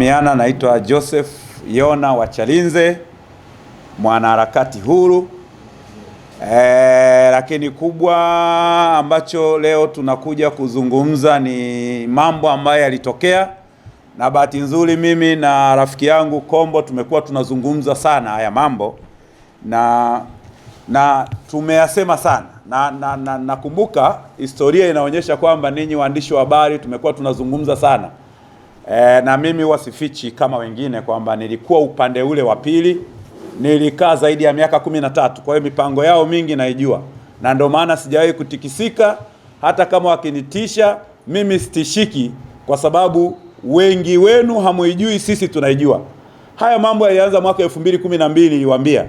Kufahamiana, naitwa Joseph Yona Wachalinze, mwanaharakati huru e, lakini kubwa ambacho leo tunakuja kuzungumza ni mambo ambayo yalitokea, na bahati nzuri mimi na rafiki yangu Kombo tumekuwa tunazungumza sana haya mambo na na tumeyasema sana na nakumbuka na, na historia inaonyesha kwamba ninyi waandishi wa habari tumekuwa tunazungumza sana E, na mimi huwa sifichi kama wengine kwamba nilikuwa upande ule wa pili, nilikaa zaidi ya miaka kumi na tatu. Kwa hiyo mipango yao mingi naijua, na ndio maana sijawahi kutikisika. Hata kama wakinitisha mimi sitishiki, kwa sababu wengi wenu hamuijui, sisi tunaijua. Haya mambo yalianza mwaka elfu mbili kumi na mbili niliwaambia,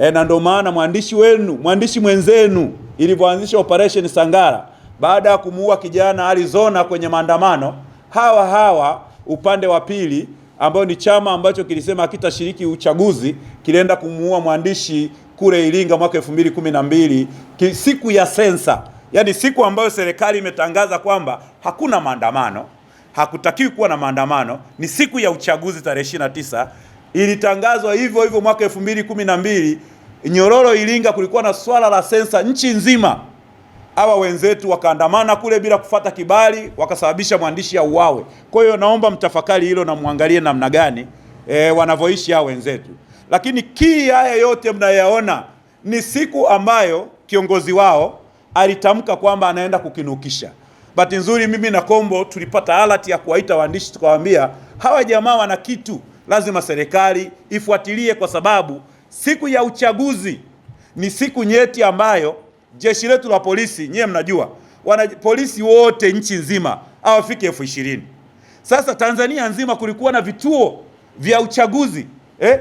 e, na ndio maana mwandishi wenu mwandishi mwenzenu ilivyoanzisha operation Sangara baada ya kumuua kijana Arizona kwenye maandamano hawa hawa upande wa pili ambayo ni chama ambacho kilisema hakitashiriki uchaguzi kilienda kumuua mwandishi kule Iringa mwaka 2012 siku ya sensa, yaani siku ambayo serikali imetangaza kwamba hakuna maandamano, hakutakiwi kuwa na maandamano, ni siku ya uchaguzi tarehe 29. Ilitangazwa hivyo hivyo mwaka 2012 Nyororo Iringa, kulikuwa na swala la sensa nchi nzima hawa wenzetu wakaandamana kule bila kufata kibali, wakasababisha mwandishi auawe. Kwa hiyo naomba mtafakari hilo na muangalie namna gani e, wanavyoishi hawa wenzetu. Lakini kii haya yote mnayaona ni siku ambayo kiongozi wao alitamka kwamba anaenda kukinukisha. Bahati nzuri mimi na Kombo tulipata alati ya kuwaita waandishi, tukawaambia hawa jamaa wana kitu, lazima serikali ifuatilie, kwa sababu siku ya uchaguzi ni siku nyeti ambayo Jeshi letu la polisi nyiye mnajua wana polisi wote nchi nzima hawafiki elfu ishirini. Sasa Tanzania nzima kulikuwa na vituo vya uchaguzi eh?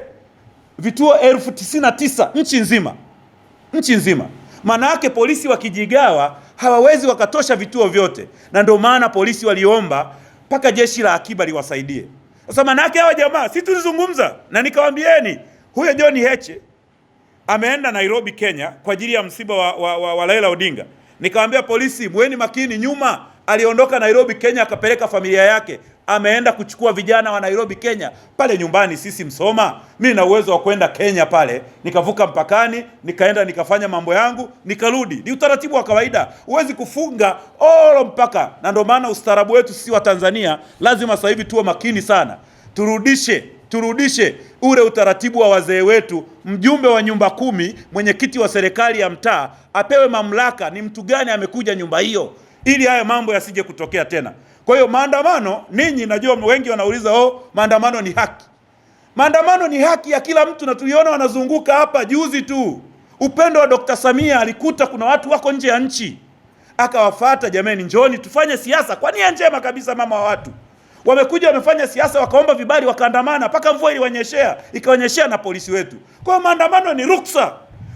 vituo elfu tisini na tisa nchi nzima, nchi nzima. Maana yake polisi wakijigawa hawawezi wakatosha vituo vyote, na ndio maana polisi waliomba mpaka jeshi la akiba liwasaidie. Sasa maana yake hawa jamaa, si tulizungumza na nikawambieni, huyo John Heche ameenda Nairobi, Kenya kwa ajili ya msiba wa, wa, wa, wa Raila Odinga. Nikamwambia polisi, mweni makini nyuma. Aliondoka Nairobi, Kenya akapeleka familia yake, ameenda kuchukua vijana wa Nairobi, Kenya. Pale nyumbani sisi Msoma, mi na uwezo wa kwenda Kenya pale, nikavuka mpakani, nikaenda nikafanya mambo yangu, nikarudi. Ni utaratibu wa kawaida, huwezi kufunga olo mpaka. Na ndio maana ustaarabu wetu sisi wa Tanzania lazima sasa hivi tuwe makini sana, turudishe turudishe ule utaratibu wa wazee wetu. Mjumbe wa nyumba kumi, mwenyekiti wa serikali ya mtaa apewe mamlaka, ni mtu gani amekuja nyumba hiyo, ili haya mambo yasije kutokea tena. Kwa hiyo maandamano, ninyi najua wengi wanauliza oh, maandamano ni haki. Maandamano ni haki ya kila mtu, na tuliona wanazunguka hapa juzi tu. Upendo wa Dr. Samia alikuta kuna watu wako nje ya nchi, akawafata, jameni, njoni tufanye siasa kwa nia njema kabisa, mama wa watu Wamekuja wamefanya siasa, wakaomba vibali, wakaandamana mpaka mvua iliwanyeshea, ikaonyeshea na polisi wetu. Kwa hiyo maandamano ni ruksa,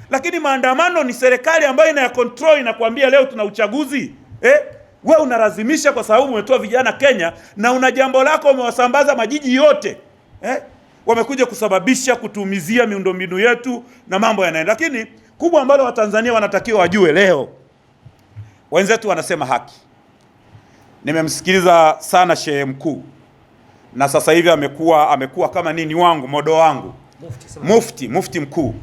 lakini maandamano ni serikali ambayo ina ya control, inakwambia leo tuna uchaguzi eh? We unalazimisha kwa sababu umetoa vijana Kenya na una jambo lako, umewasambaza majiji yote eh? Wamekuja kusababisha kutumizia miundombinu yetu na mambo yanaenda, lakini kubwa ambalo Watanzania wanatakiwa wajue leo, wenzetu wanasema haki Nimemsikiliza sana shehe mkuu na sasa hivi amekuwa amekuwa kama nini wangu modo wangu mufti, mufti, mufti mkuu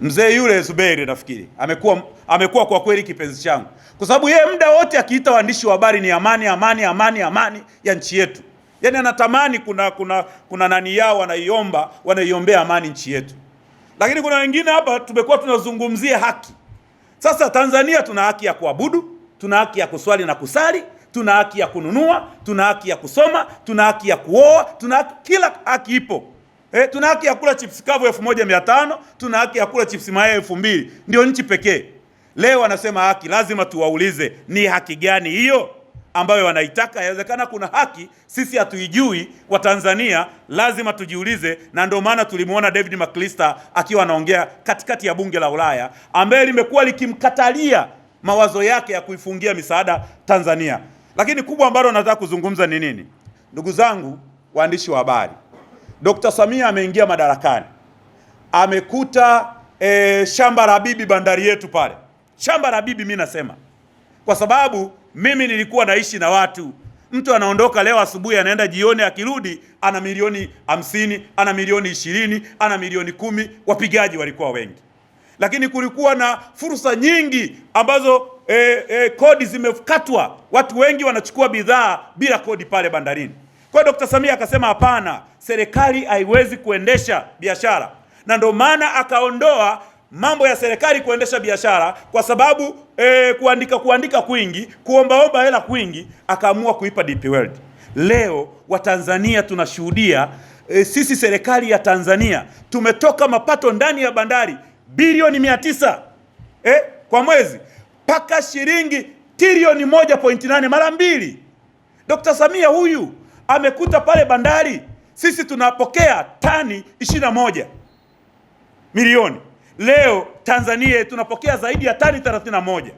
mzee yule Zuberi nafikiri amekuwa amekuwa kwa kweli kipenzi changu, kwa sababu yeye muda wote akiita waandishi wa habari ni amani, amani, amani, amani ya nchi yetu. Yani anatamani kuna kuna kuna nani yao wanaiomba wanaiombea amani nchi yetu, lakini kuna wengine hapa tumekuwa tunazungumzia haki. Sasa Tanzania tuna haki ya kuabudu, tuna haki ya kuswali na kusali tuna haki ya kununua, tuna haki ya kusoma, tuna haki ya kuoa, tuna haki, kila haki ipo. Eh, tuna haki ya kula chips kavu elfu moja mia tano tuna haki ya kula chips mayai elfu mbili Ndio nchi pekee leo wanasema haki. Lazima tuwaulize ni haki gani hiyo ambayo wanaitaka. Yawezekana kuna haki sisi hatuijui wa tanzania lazima tujiulize, na ndio maana tulimwona David McAllister akiwa anaongea katikati ya bunge la Ulaya, ambaye limekuwa likimkatalia mawazo yake ya kuifungia misaada Tanzania. Lakini kubwa ambalo nataka kuzungumza ni nini? Ndugu zangu waandishi wa habari, Dr. Samia ameingia madarakani, amekuta e, shamba la bibi bandari yetu pale, shamba la bibi. Mimi nasema kwa sababu mimi nilikuwa naishi na watu Mtu anaondoka leo asubuhi anaenda jioni, akirudi ana milioni hamsini, ana milioni ishirini, ana milioni kumi. Wapigaji walikuwa wengi, lakini kulikuwa na fursa nyingi ambazo e, e, kodi zimekatwa, watu wengi wanachukua bidhaa bila kodi pale bandarini. Kwa hiyo Dkt. Samia akasema hapana, serikali haiwezi kuendesha biashara, na ndio maana akaondoa mambo ya serikali kuendesha biashara kwa sababu e, kuandika kuandika kwingi, kuombaomba hela kwingi, akaamua kuipa DP World. Leo Watanzania tunashuhudia e, sisi serikali ya Tanzania tumetoka mapato ndani ya bandari bilioni mia tisa eh, kwa mwezi mpaka shilingi trilioni moja pointi nane mara mbili. Dr. Samia huyu amekuta pale bandari sisi tunapokea tani ishirini na moja milioni leo Tanzania tunapokea zaidi ya tani 31.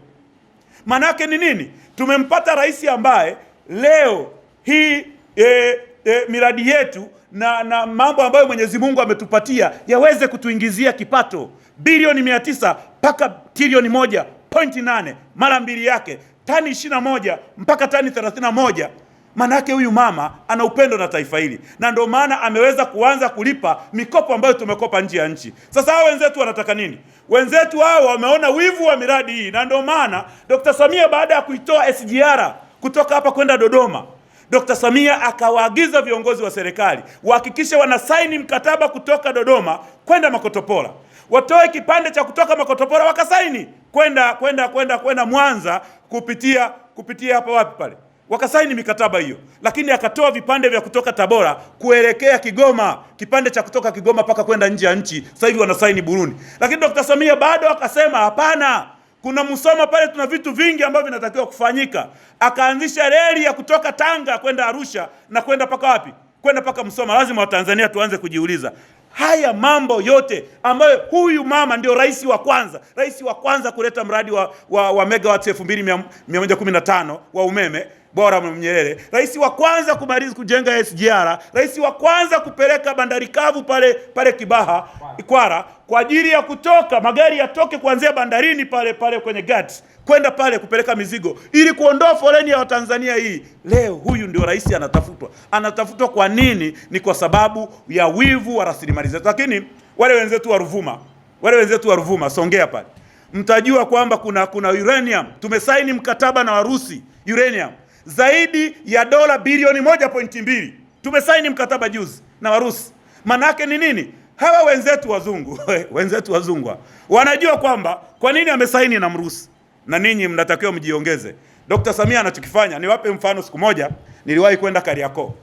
Manake ni nini? Tumempata rais ambaye leo hii e, e, miradi yetu na, na mambo ambayo Mwenyezi Mungu ametupatia yaweze kutuingizia kipato bilioni mia tisa mpaka trilioni moja pointi nane mara mbili yake tani ishirini na moja mpaka tani thelathini na moja Manake huyu mama ana upendo na taifa hili, na ndio maana ameweza kuanza kulipa mikopo ambayo tumekopa nje ya nchi. Sasa hao wenzetu wanataka nini? Wenzetu hao wameona wivu wa miradi hii, na ndio maana Dr. Samia baada ya kuitoa SGR kutoka hapa kwenda Dodoma, Dr. Samia akawaagiza viongozi wa serikali wahakikishe wanasaini mkataba kutoka Dodoma kwenda Makotopora, watoe kipande cha kutoka makotopola wakasaini kwenda kwenda kwenda kwenda Mwanza kupitia kupitia hapa wapi pale, wakasaini mikataba hiyo, lakini akatoa vipande vya kutoka Tabora kuelekea Kigoma, kipande cha kutoka Kigoma mpaka kwenda nje ya nchi. Sasa hivi wanasaini Burundi, lakini Dr. Samia bado akasema hapana, kuna Musoma pale, tuna vitu vingi ambavyo vinatakiwa kufanyika. Akaanzisha reli ya kutoka Tanga kwenda Arusha na kwenda mpaka wapi, kwenda mpaka Musoma. Lazima Watanzania tuanze kujiuliza haya mambo yote ambayo huyu mama ndio rais wa kwanza, rais wa kwanza kuleta mradi wa, wa, wa megawatts 2115 wa umeme bora Mwalimu Nyerere, rais wa kwanza kumaliza kujenga SGR, rais wa kwanza kupeleka bandari kavu pale pale Kibaha Ikwara kwa ajili ya kutoka magari yatoke kuanzia bandarini pale pale kwenye gati kwenda pale kupeleka mizigo ili kuondoa foleni ya Watanzania hii. Leo huyu ndio rais anatafutwa. Anatafutwa kwa nini? Ni kwa sababu ya wivu wa rasilimali zetu. Lakini wale wenzetu wa Ruvuma, wale wenzetu wa Ruvuma, Songea pale, mtajua kwamba kuna kuna uranium. Tumesaini mkataba na Warusi uranium zaidi ya dola bilioni moja pointi mbili. Tumesaini mkataba juzi na Warusi. Manake ni nini? Hawa wenzetu wazungu wenzetu wazungwa wanajua kwamba kwa nini amesaini na Mrusi, na ninyi mnatakiwa mjiongeze. Dr. Samia anachokifanya, niwape mfano. Siku moja niliwahi kwenda Kariakoo,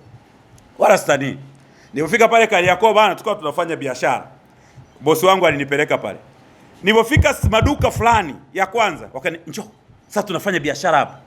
wala stani. Nilipofika pale Kariakoo bana, tukawa tunafanya biashara, bosi wangu alinipeleka pale. Nilipofika maduka fulani ya kwanza, wakani njoo, sasa tunafanya biashara hapa.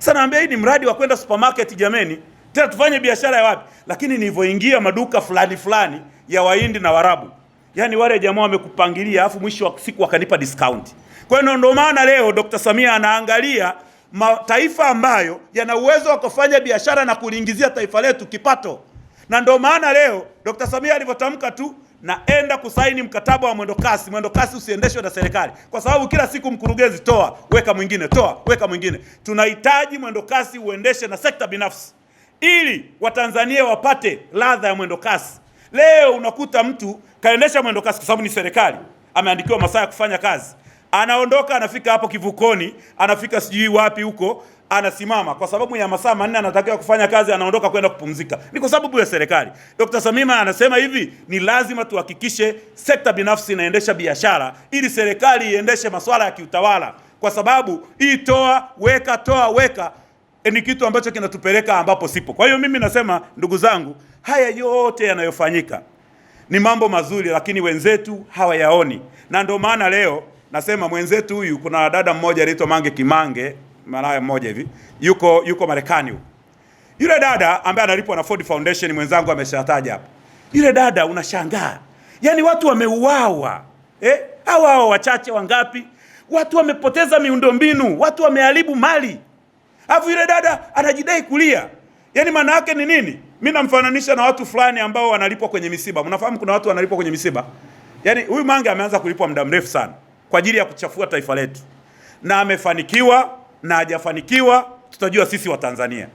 Sasa naambia hii ni mradi wa kwenda supermarket jameni, tena tufanye biashara ya wapi? Lakini nilivyoingia maduka fulani fulani ya Wahindi na Warabu, yaani wale jamaa wamekupangilia, afu mwisho wa siku wakanipa discount. Kwa hiyo ndio maana leo Dr. Samia anaangalia mataifa ambayo yana uwezo wa kufanya biashara na kuliingizia taifa letu kipato, na ndio maana leo Dr. Samia alivyotamka tu naenda kusaini mkataba wa mwendokasi. Mwendokasi usiendeshwe na serikali, kwa sababu kila siku mkurugenzi, toa weka mwingine, toa weka mwingine. Tunahitaji mwendokasi uendeshe na sekta binafsi, ili watanzania wapate ladha ya mwendokasi. Leo unakuta mtu kaendesha mwendokasi kwa sababu ni serikali, ameandikiwa masaa ya kufanya kazi, anaondoka anafika hapo kivukoni, anafika sijui wapi huko anasimama kwa sababu ya masaa manne anatakiwa kufanya kazi, anaondoka kwenda kupumzika, ni kwa sababu ya serikali. Dr. Samima anasema hivi, ni lazima tuhakikishe sekta binafsi inaendesha biashara ili serikali iendeshe masuala ya kiutawala, kwa sababu hii toa weka toa weka eh, ni kitu ambacho kinatupeleka ambapo sipo. Kwa hiyo mimi nasema ndugu zangu, haya yote yanayofanyika ni mambo mazuri, lakini wenzetu hawayaoni, na ndio maana leo nasema mwenzetu huyu, kuna dada mmoja anaitwa Mange Kimange malaya mmoja hivi yuko yuko Marekani huko. Yule dada ambaye analipwa na Ford Foundation mwenzangu ameshataja hapo. Yule dada unashangaa. Yaani watu wameuawa. Eh? Hawa hao wachache wangapi? Watu wamepoteza miundombinu, watu wameharibu mali. Alafu yule dada anajidai kulia. Yaani maana yake ni nini? Mimi namfananisha na watu fulani ambao wanalipwa kwenye misiba. Mnafahamu kuna watu wanalipwa kwenye misiba? Yaani huyu Mange ameanza kulipwa muda mrefu sana kwa ajili ya kuchafua taifa letu. Na amefanikiwa na hajafanikiwa, tutajua sisi Watanzania.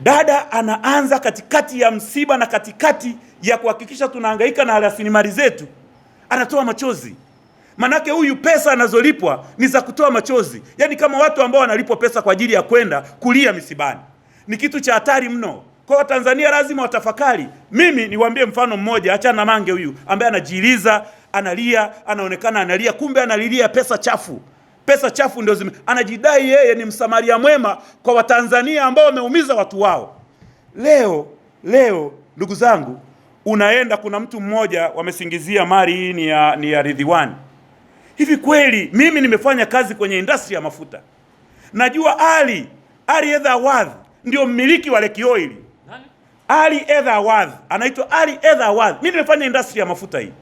Dada anaanza katikati ya msiba na katikati ya kuhakikisha tunahangaika na rasilimali zetu, anatoa machozi. Manake huyu pesa anazolipwa ni za kutoa machozi, yaani kama watu ambao wanalipwa pesa kwa ajili ya kwenda kulia misibani. Ni kitu cha hatari mno. Kwa Watanzania lazima watafakari. Mimi niwaambie mfano mmoja, achana na Mange huyu ambaye anajiiliza, analia, anaonekana analia, kumbe analilia pesa chafu pesa chafu ndio zime, anajidai yeye ni msamaria mwema kwa Watanzania ambao wameumiza watu wao. Leo leo ndugu zangu, unaenda kuna mtu mmoja wamesingizia mali hii ni ya, ni ya Ridhiwani. Hivi kweli mimi nimefanya kazi kwenye industry ya mafuta, najua Ali Ali Edha Awadhi ndio mmiliki wa Lake Oil. Ali Edha Awadhi anaitwa Ali Edha Awadhi. Mimi nimefanya industry ya mafuta hii,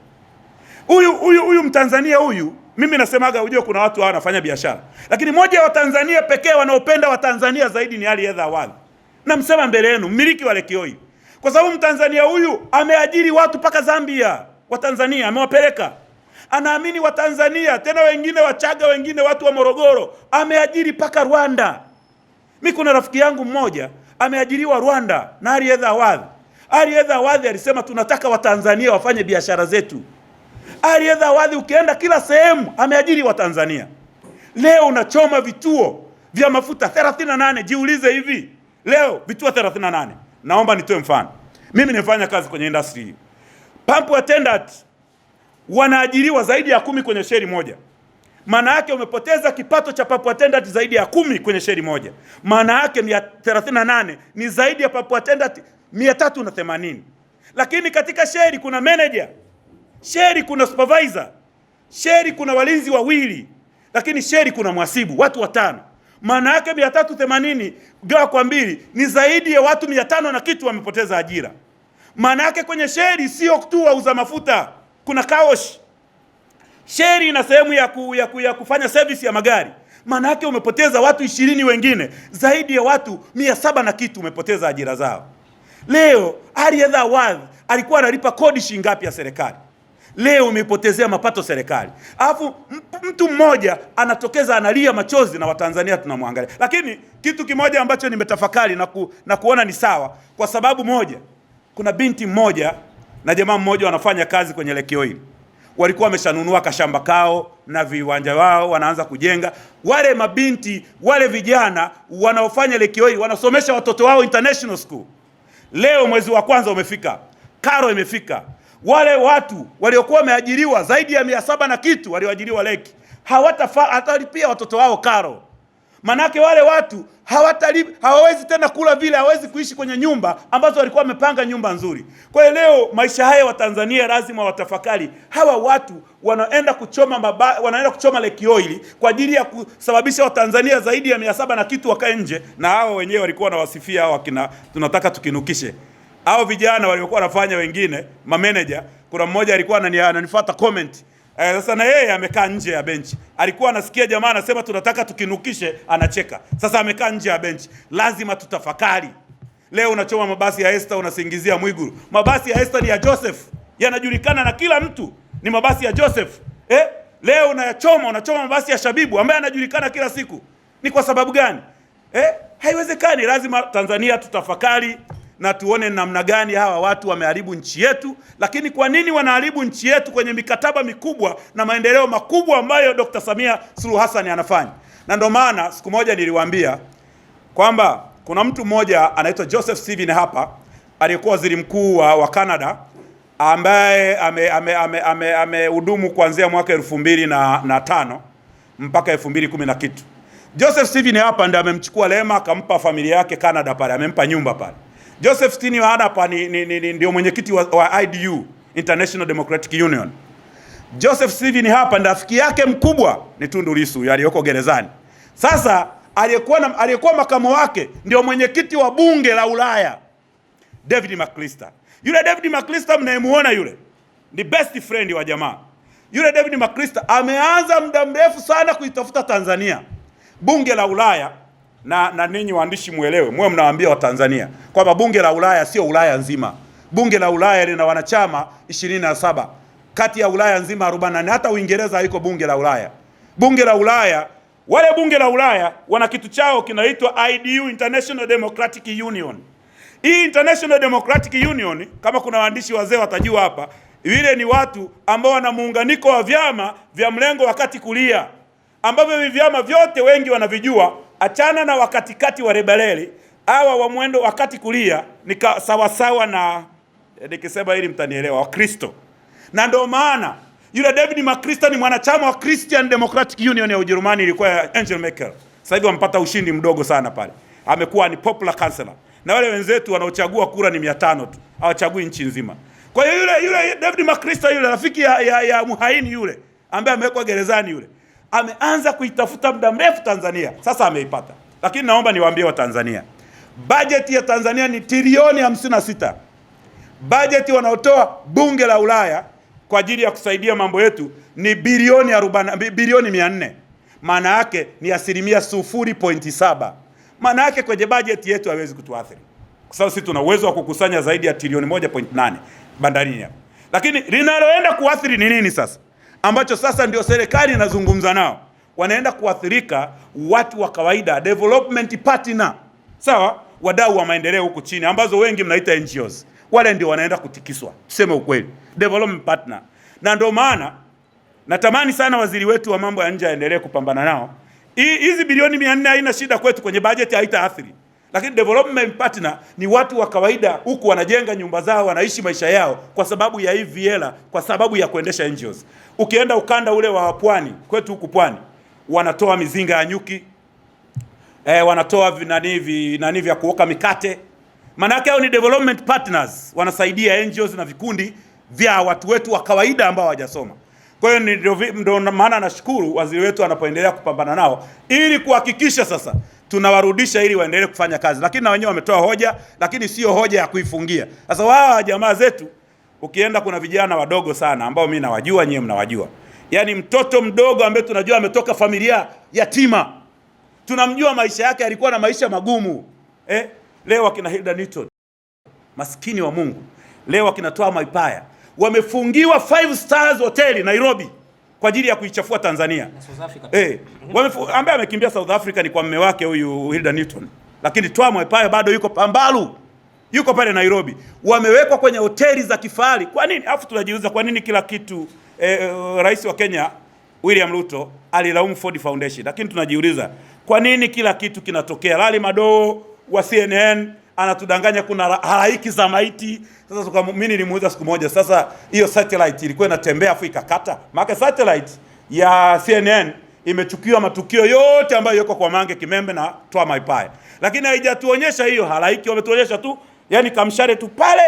huyu huyu huyu mtanzania huyu mimi nasemaga, ujue kuna watu hawa wanafanya biashara, lakini moja ya Watanzania pekee wanaopenda Watanzania zaidi ni Ali Edha Awali. Namsema mbele yenu, mmiliki wa Lekioi, kwa sababu Mtanzania huyu ameajiri watu mpaka Zambia, Watanzania amewapeleka, anaamini Watanzania tena, wengine Wachaga, wengine watu wa Morogoro, ameajiri mpaka Rwanda. Mi kuna rafiki yangu mmoja ameajiriwa Rwanda na Ali Edha Awadhi. Ali Edha Awadhi alisema tunataka Watanzania wafanye biashara zetu. Ali ukienda kila sehemu ameajiri Watanzania. Leo unachoma vituo vya mafuta 38. Jiulize, hivi leo vituo 38. Naomba nitoe mfano, mimi nimefanya kazi kwenye industry hii. Pump attendant wanaajiriwa zaidi ya kumi kwenye sheri moja. Maana yake umepoteza kipato cha pump attendant zaidi ya kumi kwenye sheri moja. Maana yake 38 ni zaidi ya pump attendant 380. Lakini katika sheri kuna manager sheri kuna supervisor, sheri kuna walinzi wawili, lakini sheri kuna mwasibu, watu watano. Maana yake 380 gawa kwa mbili ni zaidi ya watu 500 na kitu wamepoteza ajira. Maana yake kwenye sheri sio tu wauza mafuta, kuna kaosh. sheri ina sehemu ya, ku, ya, ku, ya kufanya service ya magari. Maana yake umepoteza watu ishirini wengine, zaidi ya watu mia saba na kitu umepoteza ajira zao. Leo Ally Awadh alikuwa analipa kodi shilingi ngapi ya serikali? leo umepotezea mapato serikali, alafu mtu mmoja anatokeza analia machozi na Watanzania tunamwangalia. Lakini kitu kimoja ambacho nimetafakari na, ku, na kuona ni sawa, kwa sababu moja, kuna binti mmoja na jamaa mmoja wanafanya kazi kwenye lekio hili walikuwa wameshanunua kashamba kao na viwanja wao, wanaanza kujenga. Wale mabinti wale vijana wanaofanya Lake hili wanasomesha watoto wao international school. Leo mwezi wa kwanza umefika, karo imefika wale watu waliokuwa wameajiriwa zaidi ya mia saba na kitu walioajiriwa Leki hawatafaa watoto wao karo. Manake wale watu hawawezi tena kula vile, hawawezi kuishi kwenye nyumba ambazo walikuwa wamepanga nyumba nzuri. Kwa hiyo leo maisha haya Watanzania lazima watafakari. Hawa watu wanaenda kuchoma maba, wanaenda kuchoma leki oili kwa ajili ya kusababisha Watanzania zaidi ya mia saba na kitu wakae nje, na hawa wenyewe walikuwa wanawasifia hawa tunataka tukinukishe au vijana waliokuwa wanafanya wengine ma manager, kuna mmoja alikuwa ananifuata comment eh, sasa na yeye amekaa nje ya benchi, alikuwa anasikia jamaa anasema tunataka tukinukishe, anacheka. Sasa amekaa nje ya benchi, lazima tutafakari. Leo unachoma mabasi ya Esther, unasingizia Mwiguru. Mabasi ya Esther ni ya Joseph, yanajulikana na kila mtu, ni mabasi ya Joseph eh? Leo unayachoma, unachoma mabasi ya Shabibu ambaye anajulikana kila siku, ni kwa sababu gani eh? Haiwezekani, lazima Tanzania tutafakari na tuone namna gani hawa watu wameharibu nchi yetu. Lakini kwa nini wanaharibu nchi yetu kwenye mikataba mikubwa na maendeleo makubwa ambayo Dr. Samia Suluhu Hassan anafanya? Na ndio maana siku moja niliwaambia kwamba kuna mtu mmoja anaitwa Joseph Stephen hapa aliyekuwa waziri mkuu wa, wa Canada ambaye amehudumu ame, ame, ame, ame kuanzia mwaka elfu mbili na, na tano mpaka elfu mbili kumi na kitu. Joseph Stephen hapa ndiye amemchukua Lema akampa familia yake Canada pale, amempa nyumba pale. Joseph Stini wa ni, ni, ni, ni, ndio mwenyekiti wa, wa IDU International Democratic Union. Joseph Steven hapa rafiki yake mkubwa ni Tundu Lissu aliyoko gerezani. Sasa aliyekuwa aliyekuwa makamu wake ndio mwenyekiti wa bunge la Ulaya David McAllister. Yule David McAllister mnayemuona yule ni best friend wa jamaa. Yule David McAllister ameanza muda mrefu sana kuitafuta Tanzania bunge la Ulaya na, na ninyi waandishi mwelewe, mwe mnawaambia Watanzania kwamba bunge la Ulaya sio Ulaya nzima. Bunge la Ulaya lina wanachama 27 kati ya Ulaya nzima 48. Hata Uingereza haiko bunge la Ulaya. Bunge la Ulaya, wale bunge la Ulaya wana kitu chao kinaitwa IDU, International Democratic Union. Hii International Democratic Union, kama kuna waandishi wazee watajua hapa, vile ni watu ambao wana muunganiko wa vyama vya mlengo wakati kulia, ambavyo hivi vyama vyote wengi wanavijua achana na wakatikati wa rebeleli hawa wa mwendo wakati kulia ni sawasawa na eh, nikisema hili mtanielewa, Wakristo. Na ndio maana yule David Makrista ni mwanachama wa Christian Democratic Union ya Ujerumani, ilikuwa angel Merkel. Sasa hivi wamepata ushindi mdogo sana pale, amekuwa ni popular counselor, na wale wenzetu wanaochagua kura ni 500 tu, hawachagui nchi nzima. Kwa hiyo yule yule David Makrista yule rafiki ya, ya, ya muhaini yule ambaye amewekwa gerezani yule ameanza kuitafuta muda mrefu Tanzania, sasa ameipata. Lakini naomba niwaambie Watanzania, bajeti ya Tanzania ni trilioni 56, bajeti wanaotoa bunge la Ulaya kwa ajili ya kusaidia mambo yetu ni bilioni 40, bilioni 400. Maana yake ni asilimia 0.7. Maana yake kwenye bajeti yetu hawezi kutuathiri kwa sababu sisi tuna uwezo wa kukusanya zaidi ya trilioni 1.8 bandarini hapa, Lakini linaloenda kuathiri ni nini sasa? ambacho sasa ndio serikali inazungumza nao, wanaenda kuathirika watu wa kawaida, development partner, sawa, wadau wa maendeleo huku chini, ambazo wengi mnaita NGOs. Wale ndio wanaenda kutikiswa, tuseme ukweli, development partner. Na ndio maana natamani sana waziri wetu wa mambo ya nje aendelee kupambana nao. Hizi bilioni 400 haina shida kwetu, kwenye bajeti haitaathiri. Lakini development partner ni watu wa kawaida huku wanajenga nyumba zao, wanaishi maisha yao kwa sababu ya hivi hela, kwa sababu ya kuendesha NGOs. Ukienda ukanda ule wa pwani kwetu huku pwani, wanatoa mizinga ya nyuki e, wanatoa vinani vinani vya kuoka mikate. Maana yake hao ni development partners, wanasaidia NGOs na vikundi vya watu wetu wa kawaida ambao hawajasoma. Kwa hiyo ndio maana nashukuru waziri wetu anapoendelea kupambana nao ili kuhakikisha sasa tunawarudisha ili waendelee kufanya kazi, lakini na wenyewe wametoa hoja, lakini sio hoja ya kuifungia. Sasa wao jamaa zetu, ukienda kuna vijana wadogo sana ambao mimi nawajua, nyewe mnawajua, yaani mtoto mdogo ambaye tunajua ametoka familia yatima, tunamjua maisha yake, alikuwa na maisha magumu eh? Leo akina Hilda Newton, maskini wa Mungu, leo akina Maipaya wamefungiwa five stars hoteli Nairobi kwa ajili ya kuichafua Tanzania. Eh, ambaye amekimbia South Africa ni kwa mme wake huyu Hilda Newton, lakini Twamwe pale bado yuko pambalu, yuko pale Nairobi, wamewekwa kwenye hoteli za kifahari. Kwa nini? Afu tunajiuliza kwa nini kila kitu eh, eh, rais wa Kenya William Ruto alilaumu Ford Foundation, lakini tunajiuliza kwa nini kila kitu kinatokea. Lali Madoo wa CNN anatudanganya kuna halaiki za maiti. Sasa tukamwamini, nilimuuliza siku moja, sasa hiyo satellite ilikuwa inatembea afu ikakata? Maana satellite ya CNN imechukiwa matukio yote ambayo yako kwa Mange Kimembe na toa maipaye, lakini haijatuonyesha hiyo halaiki. Wametuonyesha tu yani kamshare tu pale,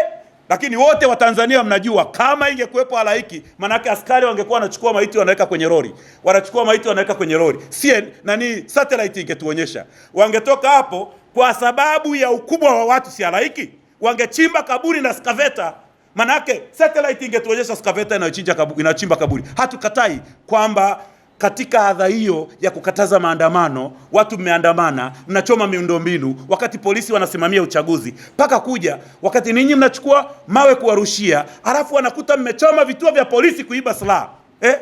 lakini wote wa Tanzania mnajua kama ingekuwepo halaiki, manake askari wangekuwa wanachukua maiti wanaweka kwenye lori, wanachukua maiti wanaweka kwenye lori. CNN, nani satellite ingetuonyesha, wangetoka hapo kwa sababu ya ukubwa wa watu si halaiki. Wangechimba kaburi na skaveta, manake satellite ingetuonyesha skaveta inachimba kaburi, inachimba kaburi. Hatukatai kwamba katika adha hiyo ya kukataza maandamano, watu mmeandamana, mnachoma miundombinu, wakati polisi wanasimamia uchaguzi mpaka kuja wakati ninyi mnachukua mawe kuwarushia, alafu wanakuta mmechoma vituo vya polisi kuiba silaha eh?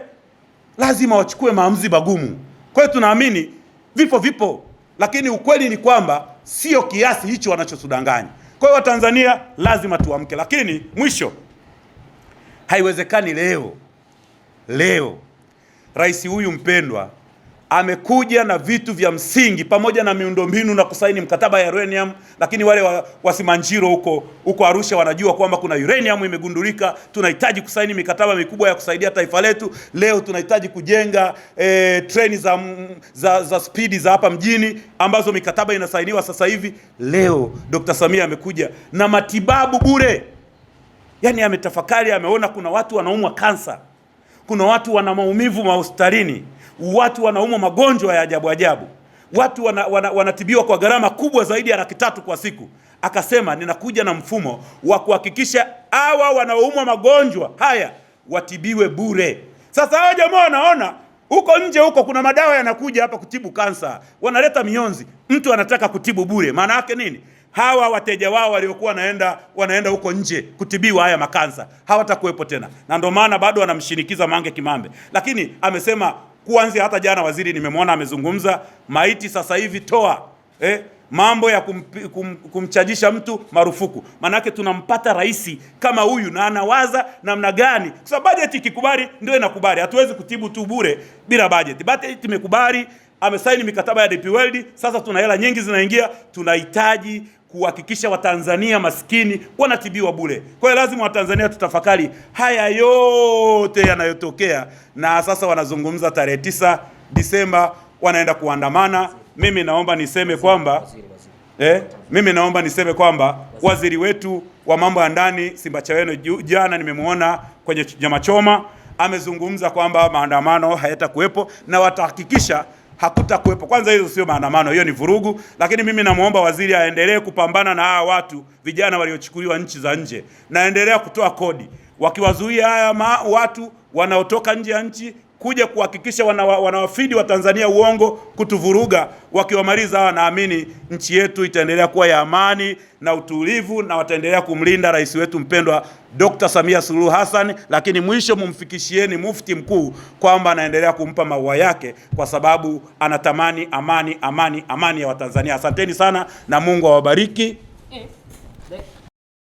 Lazima wachukue maamuzi magumu. Kwa hiyo tunaamini vifo vipo, lakini ukweli ni kwamba sio kiasi hicho wanachotudanganya. Kwa hiyo Watanzania lazima tuamke, lakini mwisho, haiwezekani leo leo rais huyu mpendwa amekuja na vitu vya msingi pamoja na miundombinu na kusaini mkataba ya uranium, lakini wale wa, wa Simanjiro huko huko Arusha wanajua kwamba kuna uranium imegundulika. Tunahitaji kusaini mikataba mikubwa ya kusaidia taifa letu. Leo tunahitaji kujenga e, treni za, za, za spidi za hapa mjini ambazo mikataba inasainiwa sasa hivi. Leo Dr. Samia amekuja na matibabu bure, yani ametafakari, ameona kuna watu wanaumwa kansa, kuna watu wana maumivu mahospitalini watu wanaumwa magonjwa ya ajabu ajabu, watu wana, wana, wanatibiwa kwa gharama kubwa zaidi ya laki tatu kwa siku. Akasema ninakuja na mfumo wa kuhakikisha hawa wanaoumwa magonjwa haya watibiwe bure. Sasa hawa jamaa wanaona huko nje huko kuna madawa yanakuja hapa kutibu kansa, wanaleta mionzi, mtu anataka kutibu bure. Maana yake nini? Hawa wateja wao waliokuwa wanaenda wanaenda huko nje kutibiwa haya makansa hawatakuwepo tena, na ndio maana bado wanamshinikiza Mange Kimambe, lakini amesema kuanzia hata jana waziri nimemwona amezungumza maiti sasa hivi toa eh, mambo ya kum, kum, kumchajisha mtu marufuku. Manake tunampata rais kama huyu na anawaza namna gani, kwa sababu bajeti ikikubali ndio inakubali. Hatuwezi kutibu tu bure bila bajeti. Bajeti imekubali, amesaini mikataba ya DP World, sasa tuna hela nyingi zinaingia, tunahitaji kuhakikisha Watanzania maskini wanatibiwa bure. Kwa hiyo lazima Watanzania tutafakari haya yote yanayotokea, na sasa wanazungumza tarehe tisa Disemba wanaenda kuandamana. Mimi naomba niseme kwamba eh, mimi naomba niseme kwamba waziri wetu wa mambo ya ndani Simbachawene jana nimemwona kwenye nyamachoma amezungumza kwamba maandamano hayatakuwepo na watahakikisha hakutakuwepo. Kwanza hizo sio maandamano, hiyo ni vurugu. Lakini mimi namwomba waziri aendelee kupambana na hawa watu vijana waliochukuliwa nchi za nje, naendelea kutoa kodi wakiwazuia haya watu wanaotoka nje ya nchi kuja kuhakikisha wanawafidi wa tanzania uongo kutuvuruga. Wakiwamaliza hawa, naamini nchi yetu itaendelea kuwa ya amani na utulivu, na wataendelea kumlinda rais wetu mpendwa Dr. Samia Suluhu Hassan. Lakini mwisho mumfikishieni Mufti Mkuu kwamba anaendelea kumpa maua yake kwa sababu anatamani amani, amani, amani ya Watanzania. Asanteni sana na Mungu awabariki.